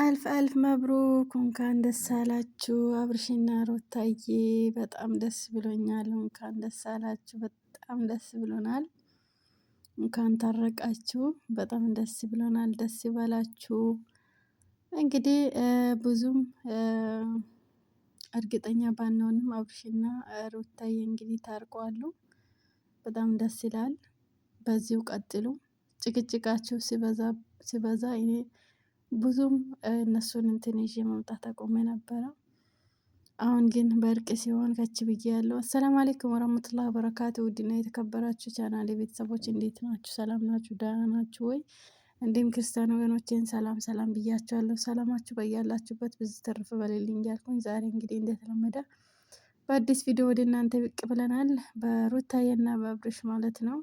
አልፍ አልፍ መብሩክ እንኳን ደስ አላችሁ አብርሽና ሮታዬ፣ በጣም ደስ ብሎኛል። እንኳን ደስ አላችሁ፣ በጣም ደስ ብሎናል። እንኳን ታረቃችሁ፣ በጣም ደስ ብሎናል። ደስ ይበላችሁ። እንግዲህ ብዙም እርግጠኛ ባንሆንም አብርሽና ሮታዬ እንግዲህ ታርቀዋሉ። በጣም ደስ ይላል። በዚሁ ቀጥሉ። ጭቅጭቃችሁ ሲበዛ ሲበዛ እኔ ብዙም እነሱን እንትን ይዤ መምጣት አቆሜ ነበረ። አሁን ግን በእርቅ ሲሆን ከች ብዬ ያለው። አሰላም አሌይኩም ወረመቱላ በረካቱ። ውድና የተከበራችሁ ቻናሌ ቤተሰቦች እንዴት ናችሁ? ሰላም ናችሁ? ደህና ናችሁ ወይ? እንዲሁም ክርስቲያን ወገኖቼን ሰላም ሰላም ብያቸዋለሁ። ሰላማችሁ በያላችሁበት ብዙ ተርፍ በሌልኝ እያልኩኝ ዛሬ እንግዲህ እንደተለመደ በአዲስ ቪዲዮ ወደ እናንተ ብቅ ብለናል። በሩታዬና በአብርሽ ማለት ነው።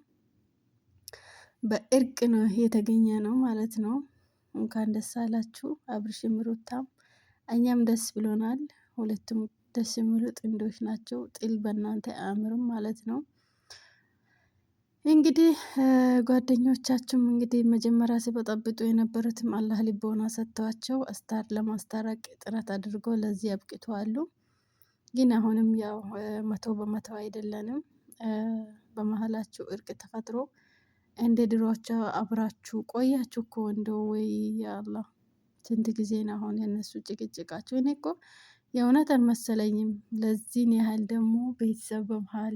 በእርቅ ነው የተገኘ ነው ማለት ነው። እንኳን ደስ አላችሁ አብርሽም ሩታም እኛም ደስ ብሎናል። ሁለቱም ደስ የሚሉ ጥንዶች ናቸው። ጥል በእናንተ አያምርም ማለት ነው። እንግዲህ ጓደኞቻችሁም እንግዲህ መጀመሪያ ሲበጠብጡ የነበሩትም አላህ ልቦና ሰጥተዋቸው አስታር ለማስታረቅ ጥረት አድርጎ ለዚህ አብቅተዋሉ። ግን አሁንም ያው መቶ በመቶ አይደለንም። በመሀላችሁ እርቅ ተፈጥሮ እንደ ድሯቸው አብራችሁ ቆያችሁ እኮ እንደ ወይ ያለ ስንት ጊዜ ነው አሁን የነሱ ጭቅጭቃቸው? እኔ እኮ የእውነት አልመሰለኝም። ለዚህን ያህል ደግሞ ቤተሰብ በመሀል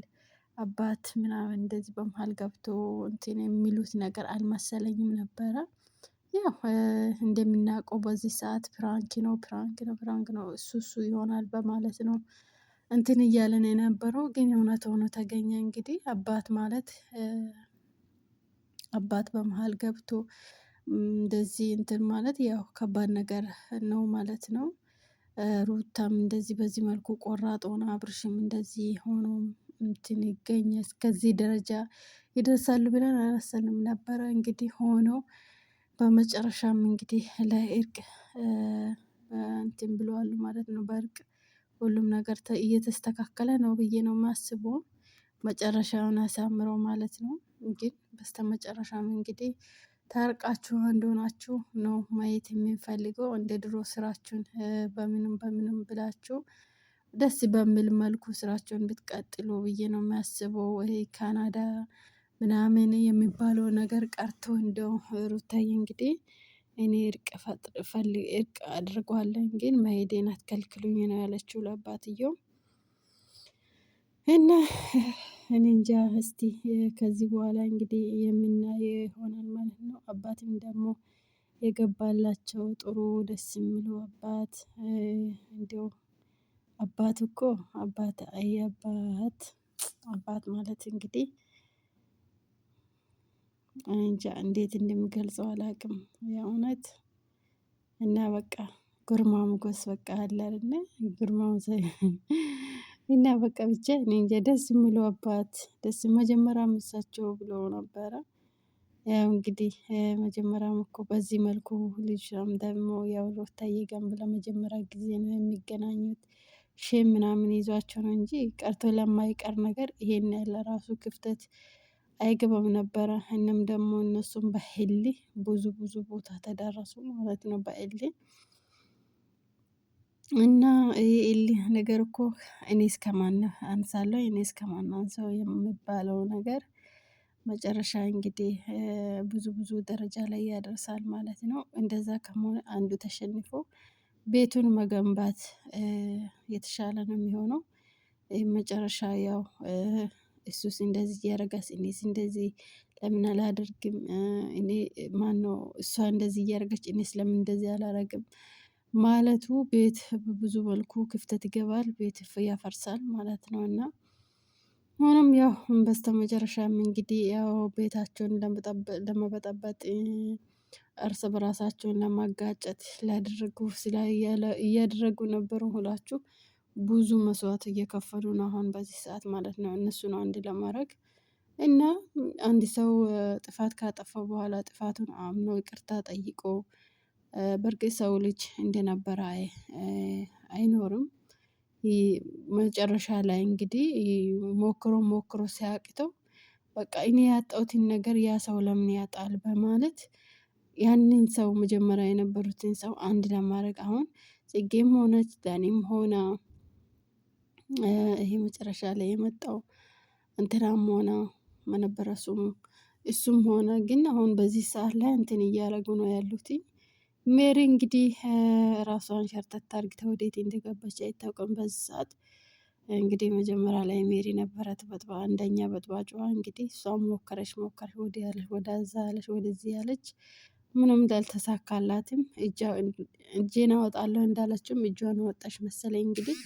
አባት ምናምን እንደዚህ በመሀል ገብቶ እንትን የሚሉት ነገር አልመሰለኝም ነበረ። ያው እንደምናውቀው በዚህ ሰዓት ፕራንክ ነው ፕራንክ ነው ፕራንክ ነው እሱ እሱ ይሆናል በማለት ነው እንትን እያለን የነበረው ግን እውነት ሆኖ ተገኘ። እንግዲህ አባት ማለት አባት በመሀል ገብቶ እንደዚህ እንትን ማለት ያው ከባድ ነገር ነው ማለት ነው። ሩታም እንደዚህ በዚህ መልኩ ቆራጥ ሆና አብርሽም እንደዚህ ሆኖ እንትን ይገኝ እስከዚህ ደረጃ ይደርሳሉ ብለን አላሰንም ነበረ። እንግዲህ ሆኖ በመጨረሻም እንግዲህ ለእርቅ እንትን ብለዋል ማለት ነው። በእርቅ ሁሉም ነገር እየተስተካከለ ነው ብዬ ነው የማስበው። መጨረሻውን አሳምረው ማለት ነው። ግን በስተመጨረሻም እንግዲህ ታርቃችሁ አንድ ሆናችሁ ነው ማየት የምንፈልገው። እንደ ድሮ ስራችሁን በምንም በምንም ብላችሁ ደስ በሚል መልኩ ስራችሁን ብትቀጥሉ ብዬ ነው የሚያስበው። ወይ ካናዳ ምናምን የሚባለው ነገር ቀርቶ እንደው ሩታዬ እንግዲህ እኔ እርቅ እርቅ አድርጓለሁ ግን መሄዴን አትከልክሉኝ ነው ያለችው ለአባትየው እና እኔ እንጃ እስቲ ከዚህ በኋላ እንግዲህ የምናየው ይሆናል ማለት ነው። አባትም ደግሞ የገባላቸው ጥሩ ደስ የሚሉ አባት እንዲያው አባት እኮ አባት አባት አባት ማለት እንግዲህ እንጃ እንዴት እንደምገልጸው አላቅም የእውነት እና በቃ ግርማ ሞገስ በቃ አለ አይደለ ግርማ እና በቃ ብቻ እኔ እንጃ ደስ የሚሉ አባት ደስ መጀመሪያ እሳቸው ብሎ ነበረ። ያው እንግዲህ መጀመሪያም እኮ በዚህ መልኩ ልጅም ደግሞ ያው ሩታዬ ጋርም ለመጀመሪያ ጊዜ ነው የሚገናኙት። ሼም ምናምን ይዟቸው ነው እንጂ ቀርቶ ለማይቀር ነገር ይሄን ያለ ራሱ ክፍተት አይገባም ነበረ። እንም ደግሞ እነሱም በህሊ ብዙ ብዙ ቦታ ተዳረሱ ማለት ነው በህሊ እና የእልህ ነገር እኮ እኔ እስከማን አንሳለሁ እኔ እስከማን አንሳው የሚባለው ነገር መጨረሻ እንግዲህ ብዙ ብዙ ደረጃ ላይ ያደርሳል ማለት ነው። እንደዛ ከመሆን አንዱ ተሸንፎ ቤቱን መገንባት የተሻለ ነው የሚሆነው። መጨረሻ ያው እሱስ እንደዚህ እያደረጋስ እኔስ እንደዚህ ለምን አላደርግም? እኔ ማነው እሷ እንደዚህ እያደረገች እኔስ ለምን እንደዚህ አላደረግም? ማለቱ ቤት በብዙ መልኩ ክፍተት ይገባል ቤት ያፈርሳል ማለት ነው። እና ሆኖም ያው በስተመጨረሻም እንግዲህ ያው ቤታቸውን ለመበጠበጥ እርስ በራሳቸውን ለማጋጨት ሊያደረጉ እያደረጉ ነበሩ ሁላችሁ ብዙ መስዋዕት እየከፈሉ ነው አሁን በዚህ ሰዓት ማለት ነው። እነሱ ነው አንድ ለማድረግ እና አንድ ሰው ጥፋት ካጠፋ በኋላ ጥፋቱን አምኖ ይቅርታ ጠይቆ በርግጥ ሰው ልጅ እንደነበረ አይኖርም። መጨረሻ ላይ እንግዲህ ሞክሮ ሞክሮ ሲያቅተው በቃ እኔ ያጣሁትን ነገር ያ ሰው ለምን ያጣል በማለት ያንን ሰው መጀመሪያ የነበሩትን ሰው አንድ ለማድረግ አሁን ጽጌም ሆነች ዳኒም ሆነ ይሄ መጨረሻ ላይ የመጣው እንትናም ሆነ ምን እሱም እሱም ሆነ ግን አሁን በዚህ ሰዓት ላይ እንትን እያደረጉ ነው ያሉትኝ ሜሪ እንግዲህ ራሷን ሸርተት አርግታ ወዴት እንደገባች አይታወቅም። በዚ ሰዓት እንግዲህ መጀመሪያ ላይ ሜሪ ነበረት በጥባ አንደኛ በጥባጭዋ እንግዲህ እሷም ሞከረች ሞከረች፣ ወዲህ ያለች ወዳዛ ያለች ወደዚህ ያለች ምንም እንዳልተሳካላትም እጄን አወጣለሁ እንዳለችም እጇን ወጣች መሰለኝ። እንግዲህ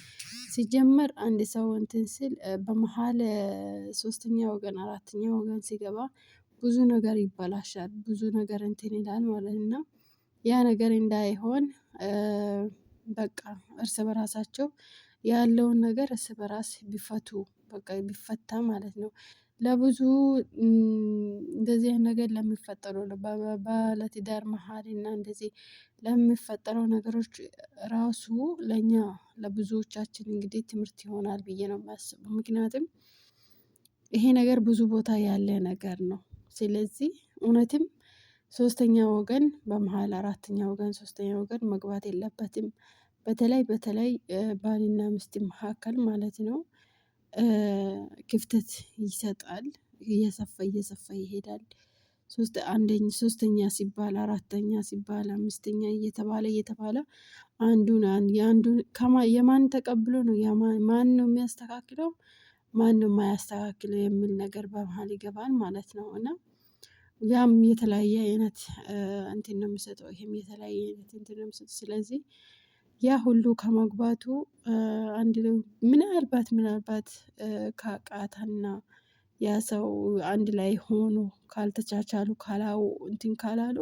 ሲጀመር አንድ ሰው እንትን ስል በመሀል ሶስተኛ ወገን አራተኛ ወገን ሲገባ ብዙ ነገር ይበላሻል፣ ብዙ ነገር እንትን ይላል ማለት ነው። ያ ነገር እንዳይሆን በቃ እርስ በራሳቸው ያለውን ነገር እርስ በራስ ቢፈቱ በቃ ቢፈታ ማለት ነው። ለብዙ እንደዚህ ነገር ለሚፈጠሩ ባለትዳር መሀል እና እንደዚህ ለሚፈጠረው ነገሮች ራሱ ለእኛ ለብዙዎቻችን እንግዲህ ትምህርት ይሆናል ብዬ ነው የማስበው። ምክንያቱም ይሄ ነገር ብዙ ቦታ ያለ ነገር ነው። ስለዚህ እውነትም ሶስተኛ ወገን በመሃል አራተኛ ወገን ሶስተኛ ወገን መግባት የለበትም። በተለይ በተለይ ባልና ሚስት መካከል ማለት ነው። ክፍተት ይሰጣል እየሰፋ እየሰፋ ይሄዳል። ሶስት አንደኛ ሶስተኛ ሲባል አራተኛ ሲባል አምስተኛ እየተባለ እየተባለ አንዱን የአንዱን የማን ተቀብሎ ነው ማን ነው የሚያስተካክለው? ነው የማያስተካክለው የሚል ነገር በመሃል ይገባል ማለት ነው። እና ያም የተለያየ አይነት እንትን ነው የምሰጠው ይህም የተለያየ አይነት እንትን ነው የምሰጠው። ስለዚህ ያ ሁሉ ከመግባቱ አንድ ምናልባት ምናልባት ከቃታና ያ ሰው አንድ ላይ ሆኖ ካልተቻቻሉ ካላው እንትን ካላሉ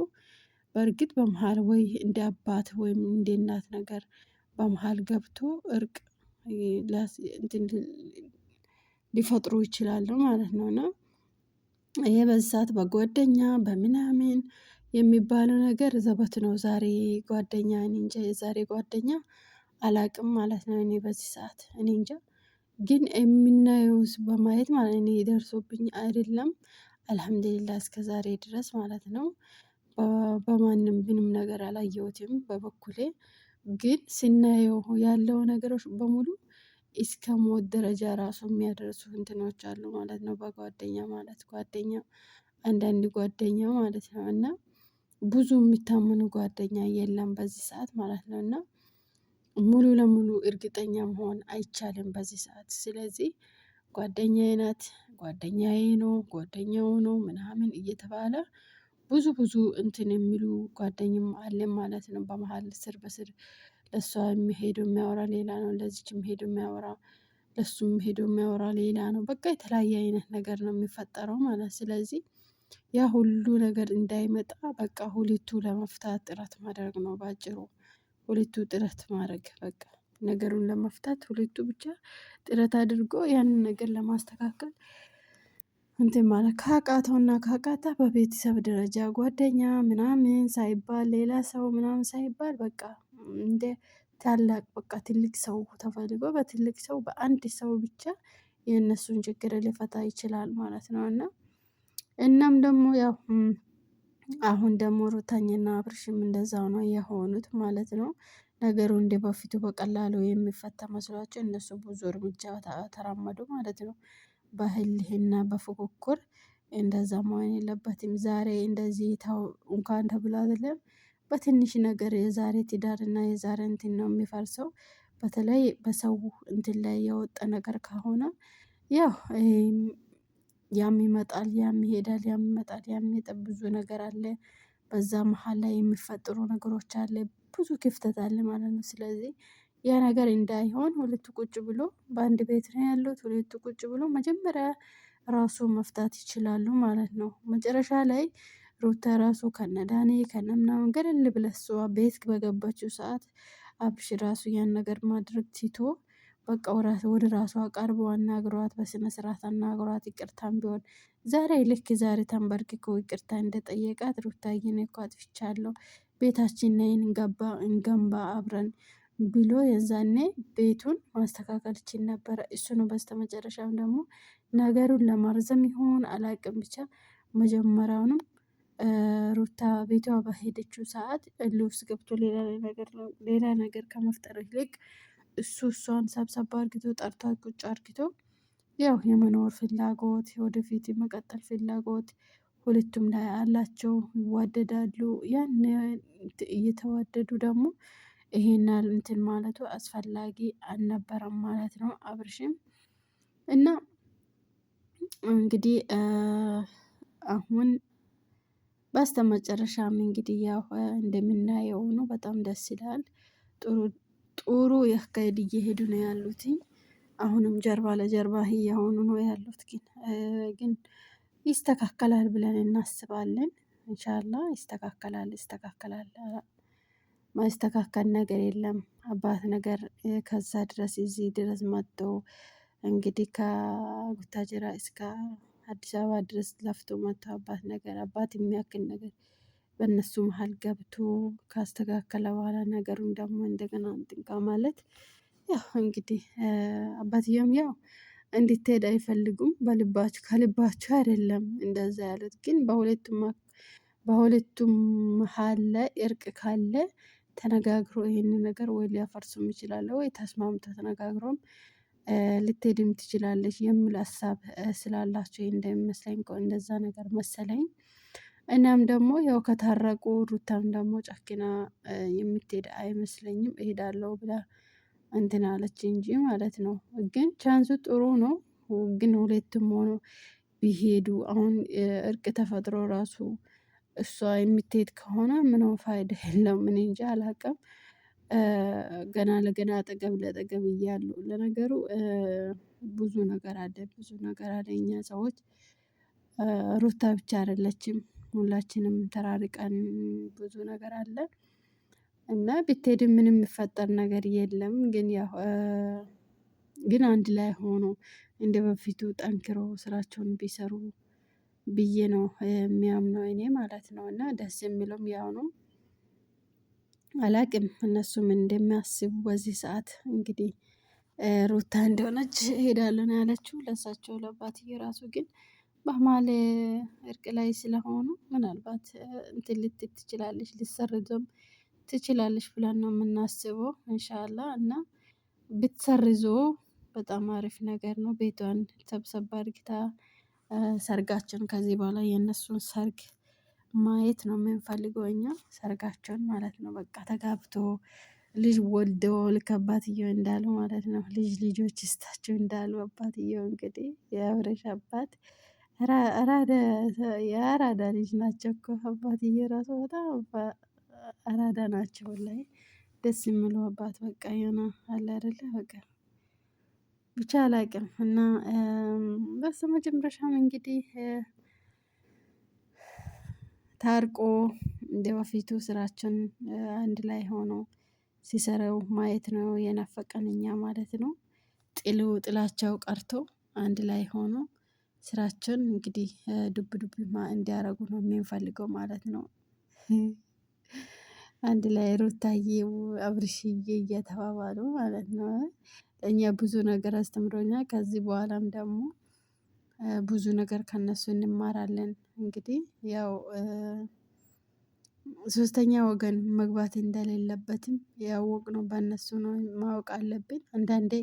በእርግጥ በመሀል ወይ እንደ አባት ወይም እንደ እናት ነገር በመሃል ገብቶ እርቅ ሊፈጥሩ ይችላሉ ማለት ነው። እና ይሄ በዚህ ሰዓት በጓደኛ በምናምን የሚባለው ነገር ዘበት ነው። ዛሬ ጓደኛ እኔ እንጃ የዛሬ ጓደኛ አላቅም ማለት ነው። እኔ በዚህ ሰዓት እኔ እንጃ ግን የምናየውስ በማየት ማለት እኔ ደርሶብኝ አይደለም አልሐምዱሊላ እስከ ዛሬ ድረስ ማለት ነው። በማንም ምንም ነገር አላየሁትም በበኩሌ ግን ስናየው ያለው ነገሮች በሙሉ እስከ ሞት ደረጃ ራሱ የሚያደርሱ እንትኖች አሉ ማለት ነው። በጓደኛ ማለት ጓደኛ አንዳንድ ጓደኛ ማለት ነው እና ብዙ የሚታመኑ ጓደኛ የለም በዚህ ሰዓት ማለት ነው። እና ሙሉ ለሙሉ እርግጠኛ መሆን አይቻልም በዚህ ሰዓት ስለዚህ ጓደኛዬ ናት ጓደኛዬ ነው ጓደኛው ነው ምናምን እየተባለ ብዙ ብዙ እንትን የሚሉ ጓደኝም አለን ማለት ነው። በመሃል ስር በስር ለሷ የሚሄደው የሚያወራ ሌላ ነው ለዚች የሚሄደው የሚያወራ ለሱ የሚሄደው የሚያወራ ሌላ ነው በቃ የተለያየ አይነት ነገር ነው የሚፈጠረው ማለት ስለዚህ ያ ሁሉ ነገር እንዳይመጣ በቃ ሁለቱ ለመፍታት ጥረት ማድረግ ነው በአጭሩ ሁለቱ ጥረት ማድረግ በቃ ነገሩን ለመፍታት ሁለቱ ብቻ ጥረት አድርጎ ያንን ነገር ለማስተካከል እንትን ማለት ካቃተውና ካቃታ በቤተሰብ ደረጃ ጓደኛ ምናምን ሳይባል ሌላ ሰው ምናምን ሳይባል በቃ እንደ ታላቅ በቃ ትልቅ ሰው ተፈልጎ በትልቅ ሰው በአንድ ሰው ብቻ የእነሱን ችግር ሊፈታ ይችላል ማለት ነው። እና እናም ደግሞ ያው አሁን ደግሞ ሩታኝና አብርሽም እንደዛው ነው የሆኑት ማለት ነው። ነገሩ እንደ በፊቱ በቀላሉ የሚፈታ መስሏቸው እነሱ ብዙ እርምጃ ተራመዱ ማለት ነው። በእልህና በፉክክር እንደዛ መሆን የለበትም። ዛሬ እንደዚህ ተው እንኳን ተብሎ አይደለም በትንሽ ነገር የዛሬ ትዳርና የዛሬ እንትን ነው የሚፈርሰው። በተለይ በሰው እንትን ላይ የወጣ ነገር ከሆነ ያው ያም ይመጣል ያም ይሄዳል ያም ይመጣል ያም ይጠብ ብዙ ነገር አለ። በዛ መሀል ላይ የሚፈጠሩ ነገሮች አለ ብዙ ክፍተት አለ ማለት ነው። ስለዚህ ያ ነገር እንዳይሆን ሁለቱ ቁጭ ብሎ በአንድ ቤት ነው ያሉት። ሁለቱ ቁጭ ብሎ መጀመሪያ ራሱ መፍታት ይችላሉ ማለት ነው። መጨረሻ ላይ ሩታ ራሱ ከነዳኔ ከነምናምን ገለል ብላ ቤት በገባችው ሰዓት አብሽ ራሱ ያን ነገር ማድረግ ትቶ በቃ ወደ ራሷ ቀርቦ አናግሯት፣ በስነ ስርዓት አናግሯት። ይቅርታም ቢሆን ዛሬ ልክ ዛሬ ተንበርክኮ ይቅርታ እንደጠየቃት ሩታዬ እኔ እኮ አጥፍቻለሁ፣ ቤታችን ነይን እንገንባ አብረን ብሎ የዛኔ ቤቱን ማስተካከል ችል ነበረ። እሱ ነው በስተመጨረሻም ደግሞ ነገሩን ለማርዘም ይሆን አላቅም፣ ብቻ መጀመሪያውንም ሩታ ቤቷ በሄደችው ሰዓት እልህ ገብቶ ሌላ ነገር ከመፍጠር ይልቅ እሱ እሷን ሰብሰባ አርግቶ ጠርቷ ቁጭ አርግቶ ያው የመኖር ፍላጎት ወደፊት የመቀጠል ፍላጎት ሁለቱም ላይ አላቸው፣ ይዋደዳሉ። ያን እየተዋደዱ ደግሞ ይሄና እንትን ማለቱ አስፈላጊ አልነበረም ማለት ነው። አብርሽም እና እንግዲህ አሁን በስተመጨረሻም እንግዲህ ያው እንደምናየው ነው። በጣም ደስ ይላል። ጥሩ ጥሩ ያካሄድ እየሄዱ ነው ያሉት። አሁንም ጀርባ ለጀርባ እያሆኑ ነው ያሉት። ግን ግን ይስተካከላል ብለን እናስባለን። እንሻላ ይስተካከላል ይስተካከላል። ማስተካከል ነገር የለም። አባት ነገር ከዛ ድረስ እዚህ ድረስ መጥቶ እንግዲህ ከቡታጅራ እስከ አዲስ አበባ ድረስ ለፍቶ መጥቶ አባት ነገር አባት የሚያክል ነገር በእነሱ መሀል ገብቶ ካስተካከለ በኋላ ነገሩን ደግሞ እንደገና እንጥንቃ ማለት ያው እንግዲህ አባትየውም ያው እንድትሄድ አይፈልጉም። በልባቸው ከልባቸው አይደለም እንደዛ ያሉት ግን በሁለቱም በሁለቱም መሀል ላይ እርቅ ካለ ተነጋግሮ ይህን ነገር ወይ ሊያፈርሱም ይችላለ ወይ ተስማምተ ተነጋግሮም ልትሄድም ትችላለች የሚል ሀሳብ ስላላቸው እንደሚመስለኝ እንደዛ ነገር መሰለኝ። እናም ደግሞ ያው ከታረቁ ሩታም ደግሞ ጨኪና የምትሄድ አይመስለኝም እሄዳለሁ ብላ እንትን አለች እንጂ ማለት ነው። ግን ቻንሱ ጥሩ ነው። ግን ሁለቱም ሆኖ ቢሄዱ አሁን እርቅ ተፈጥሮ ራሱ እሷ የምትሄድ ከሆነ ምንም ፋይዳ የለውም። እኔ እንጂ አላውቅም። ገና ለገና አጠገብ ለጠገብ እያሉ ለነገሩ ብዙ ነገር አለ ብዙ ነገር አለ። እኛ ሰዎች ሩታ ብቻ አይደለችም ሁላችንም ተራርቀን ብዙ ነገር አለ። እና ብትሄድ ምንም የሚፈጠር ነገር የለም። ግን ያው ግን አንድ ላይ ሆኖ እንደ በፊቱ ጠንክሮ ስራቸውን ቢሰሩ ብዬ ነው የሚያምነው እኔ ማለት ነው። እና ደስ የሚለውም ያው ነው። አላቅም እነሱም እንደሚያስቡ በዚህ ሰዓት እንግዲህ ሩታ እንደሆነች ሄዳለን ያለችው። ለእሳቸው ለአባትዬ ራሱ ግን በማል እርቅ ላይ ስለሆኑ ምናልባት እንትን ልትል ትችላለች፣ ልትሰርዞም ትችላለች ብለን ነው የምናስበው። እንሻላ እና ብትሰርዞ በጣም አሪፍ ነገር ነው። ቤቷን ሰብሰብ እርግታ። ሰርጋቸውን ከዚህ በኋላ የእነሱን ሰርግ ማየት ነው የምንፈልገው እኛ ሰርጋቸውን ማለት ነው። በቃ ተጋብቶ ልጅ ወልደው ልክ አባትየው እንዳሉ ማለት ነው። ልጅ ልጆች ይስጣችሁ እንዳሉ አባትየው እንግዲህ የአብረሽ አባት የአራዳ ልጅ ናቸው እኮ አባትዬ ራሱ በጣም አራዳ ናቸው። ላይ ደስ የሚሉ አባት በቃ የሆነ አለ አይደለ በቃ ብቻ አላቅም እና በስተ መጨረሻም እንግዲህ ታርቆ እንደ በፊቱ ስራችን አንድ ላይ ሆኖ ሲሰራው ማየት ነው የናፈቀን እኛ ማለት ነው። ጥሉ ጥላቸው ቀርቶ አንድ ላይ ሆኖ ስራችን እንግዲህ ዱብ ዱብ እንዲያረጉ ነው የምንፈልገው ማለት ነው። አንድ ላይ ሩታዬ አብርሽዬ እየተባባሉ ማለት ነው እኛ ብዙ ነገር አስተምሮኛል። ከዚህ በኋላም ደግሞ ብዙ ነገር ከነሱ እንማራለን። እንግዲህ ያው ሶስተኛ ወገን መግባት እንደሌለበትም ነው፣ በእነሱ ነው ማወቅ አለብን። አንዳንዴ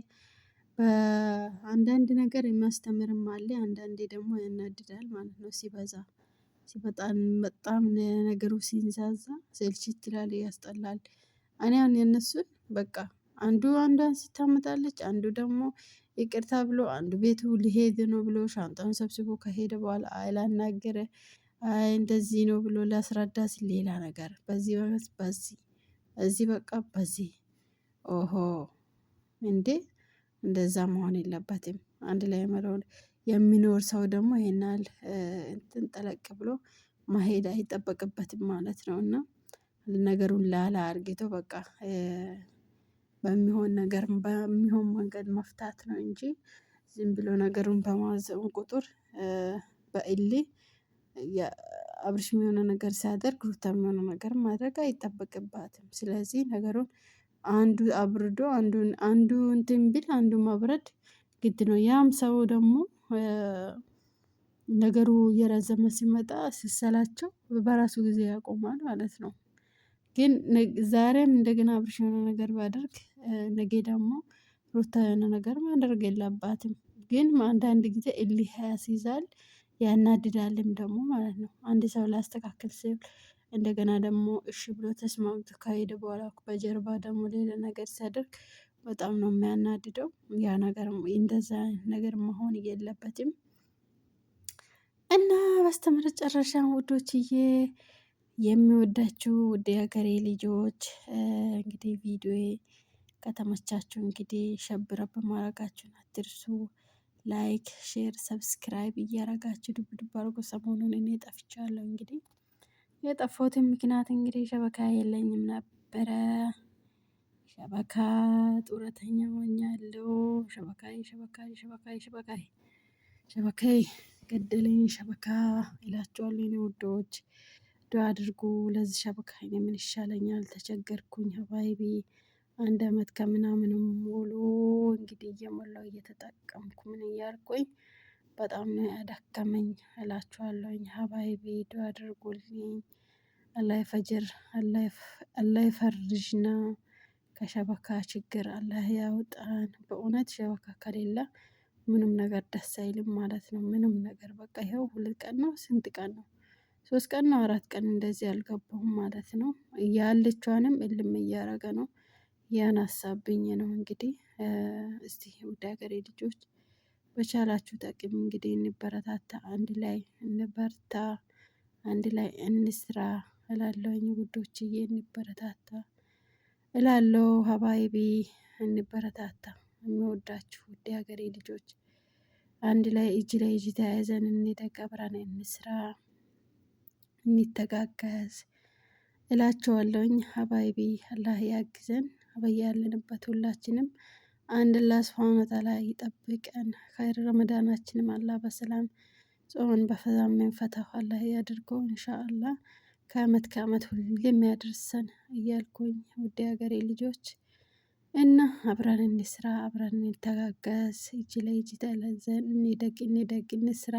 በአንዳንድ ነገር የሚያስተምርም አለ አንዳንዴ ደግሞ ያናድዳል ማለት ነው። ሲበዛ ሲበጣም በጣም ነገሩ ሲንዛዛ ስልችት ይላል ያስጠላል። እኔ አሁን የነሱን በቃ አንዱ አንዷን ስታመጣለች አንዱ ደግሞ ይቅርታ ብሎ አንዱ ቤቱ ሊሄድ ነው ብሎ ሻንጣውን ሰብስቦ ከሄደ በኋላ አይ ላናገረ አይ እንደዚህ ነው ብሎ ሊያስረዳ ሌላ ነገር በዚህ በመት በዚህ እዚህ በቃ በዚህ ኦሆ እንዴ እንደዛ መሆን የለበትም። አንድ ላይ መሆን የሚኖር ሰው ደግሞ ይሄን እንትን ጠለቅ ብሎ መሄድ አይጠበቅበትም ማለት ነው። እና ነገሩን ላላ አርግቶ በቃ በሚሆን ነገር በሚሆን መንገድ መፍታት ነው እንጂ ዝም ብሎ ነገሩን በማዘሙ ቁጥር በእሌ አብርሽም የሆነ ነገር ሲያደርግ ሩታም የሆነ ነገር ማድረግ አይጠበቅባትም። ስለዚህ ነገሩን አንዱ አብርዶ አንዱ እንትን ቢል አንዱ ማብረድ ግድ ነው። ያም ሰው ደግሞ ነገሩ እየረዘመ ሲመጣ ሲሰላቸው በራሱ ጊዜ ያቆማል ማለት ነው። ግን ዛሬም እንደገና አብርሽ የሆነ ነገር ባደርግ ነገ ደግሞ ሩታ የሆነ ነገር ማድረግ የለባትም። ግን አንዳንድ ጊዜ እልህ ያስይዛል ያናድዳልም ደግሞ ማለት ነው። አንድ ሰው ላስተካከል ስል እንደገና ደግሞ እሺ ብሎ ተስማምቶ ከሄደ በኋላ በጀርባ ደግሞ ሌላ ነገር ሲያደርግ በጣም ነው የሚያናድደው። ያ ነገር እንደዛ ነገር መሆን የለበትም እና በስተመጨረሻ ውዶችዬ የሚወዳችሁ ውድ የሀገሬ ልጆች እንግዲህ ቪዲዮ ከተመቻችሁ እንግዲህ ሸብረ በማድረጋችሁን አትርሱ። ላይክ፣ ሼር፣ ሰብስክራይብ እያረጋችሁ ድብድብ አድርጎ ሰሞኑን እኔ ጠፍቻለሁ። እንግዲህ የጠፋሁትን ምክንያት እንግዲህ ሸበካ የለኝም ነበረ። ሸበካ ጡረተኛ ሆኛለሁ። ሸበካ ሸበካ ሸበካ ሸበካ ሸበካ ገደለኝ ሸበካ ይላችኋለሁ እኔ ውዶች። ዱአ አድርጉ። ለዚህ ሸበካ እኔ ምን ይሻለኛል ተቸገርኩኝ። ሀባይቢ አንድ አመት ከምናምንም ሙሉ እንግዲህ እየሞላው እየተጠቀምኩ ምን እያልኩኝ በጣም ነው ያዳከመኝ እላችኋለሁኝ። ሀባይቢ ዱአ አድርጉልኝ። አላህ አላይ አላህ ይፈርጅና ከሸበካ ችግር አላህ ያውጣን። በእውነት ሸበካ ከሌለ ምንም ነገር ደስ አይልም ማለት ነው። ምንም ነገር በቃ ይኸው ሁለት ቀን ነው ስንት ቀን ነው ሶስት ቀን ነው አራት ቀን እንደዚህ አልገባሁም ማለት ነው። ያለችዋንም እልም እያረገ ነው ያናሳብኝ ነው እንግዲህ እስቲ ውድ ሀገሬ ልጆች በቻላችሁ ጠቅም እንግዲህ እንበረታታ፣ አንድ ላይ እንበርታ፣ አንድ ላይ እንስራ እላለሁኝ ውዶችዬ፣ እንበረታታ እላለሁ። ሀባይቢ እንበረታታ። የሚወዳችሁ ውድ ሀገሬ ልጆች አንድ ላይ እጅ ላይ እጅ ተያይዘን እንደቀብረን እንስራ። እንተጋገዝ እላቸዋለሁኝ። ሀባይቢ አላህ ያግዘን። ሀባይ ያለንበት ሁላችንም አንድ አላህ ሱብሓነሁ ወተዓላ ይጠብቀን። ኸይር ረመዳናችንም አላህ በሰላም ጾምን በፈዛም መንፈታሁ አላህ ያድርገው ኢንሻአላህ ከአመት ከአመት ሁሌም ያድርሰን እያልኩኝ ውድ ሀገሬ ልጆች እና አብረን እንስራ፣ አብረን እንተጋገዝ፣ እጅ ለእጅ ተያይዘን እንደግ እንደግ እንስራ።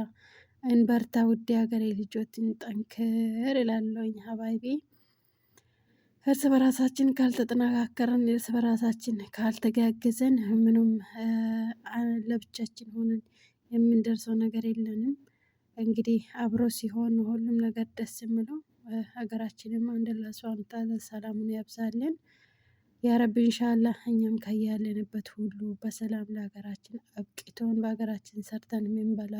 እንበርታ ውድ ሀገሬ ልጆች እንጠንክር እላለሁኝ። ሀባይቢ እርስ በራሳችን ካልተጠናካከረን እርስ በራሳችን ካልተጋገዘን ምንም ለብቻችን ሆነን የምንደርሰው ነገር የለንም። እንግዲህ አብሮ ሲሆን ሁሉም ነገር ደስ የምለው ሀገራችንም አንድ ላሷን ሰላሙን ያብዛልን ያረብ እንሻላ። እኛም ከያለንበት ሁሉ በሰላም ለሀገራችን አብቅቶን በሀገራችን ሰርተን የምንበላ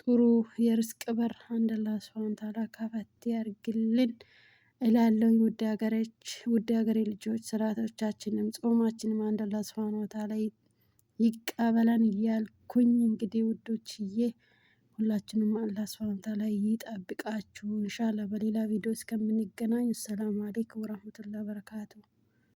ጥሩ የርስቅ በር አንድ አላህ ሱብሃነሁ ወተዓላ ከፈት ያርግልን እላለሁ። ውድ ሀገሬች ውድ ሀገሬ ልጆች ስርዓቶቻችንም ጾማችንም አንድ አላህ ሱብሃነሁ ወተዓላ ይቀበለን እያልኩኝ እንግዲህ ውዶችዬ ሁላችንም አላህ ሱብሃነሁ ወተዓላ ይጠብቃችሁ። ኢንሻአላህ በሌላ ቪዲዮ እስከምንገናኝ ሰላም አለይኩም ወራህመቱላሂ በረካቱ።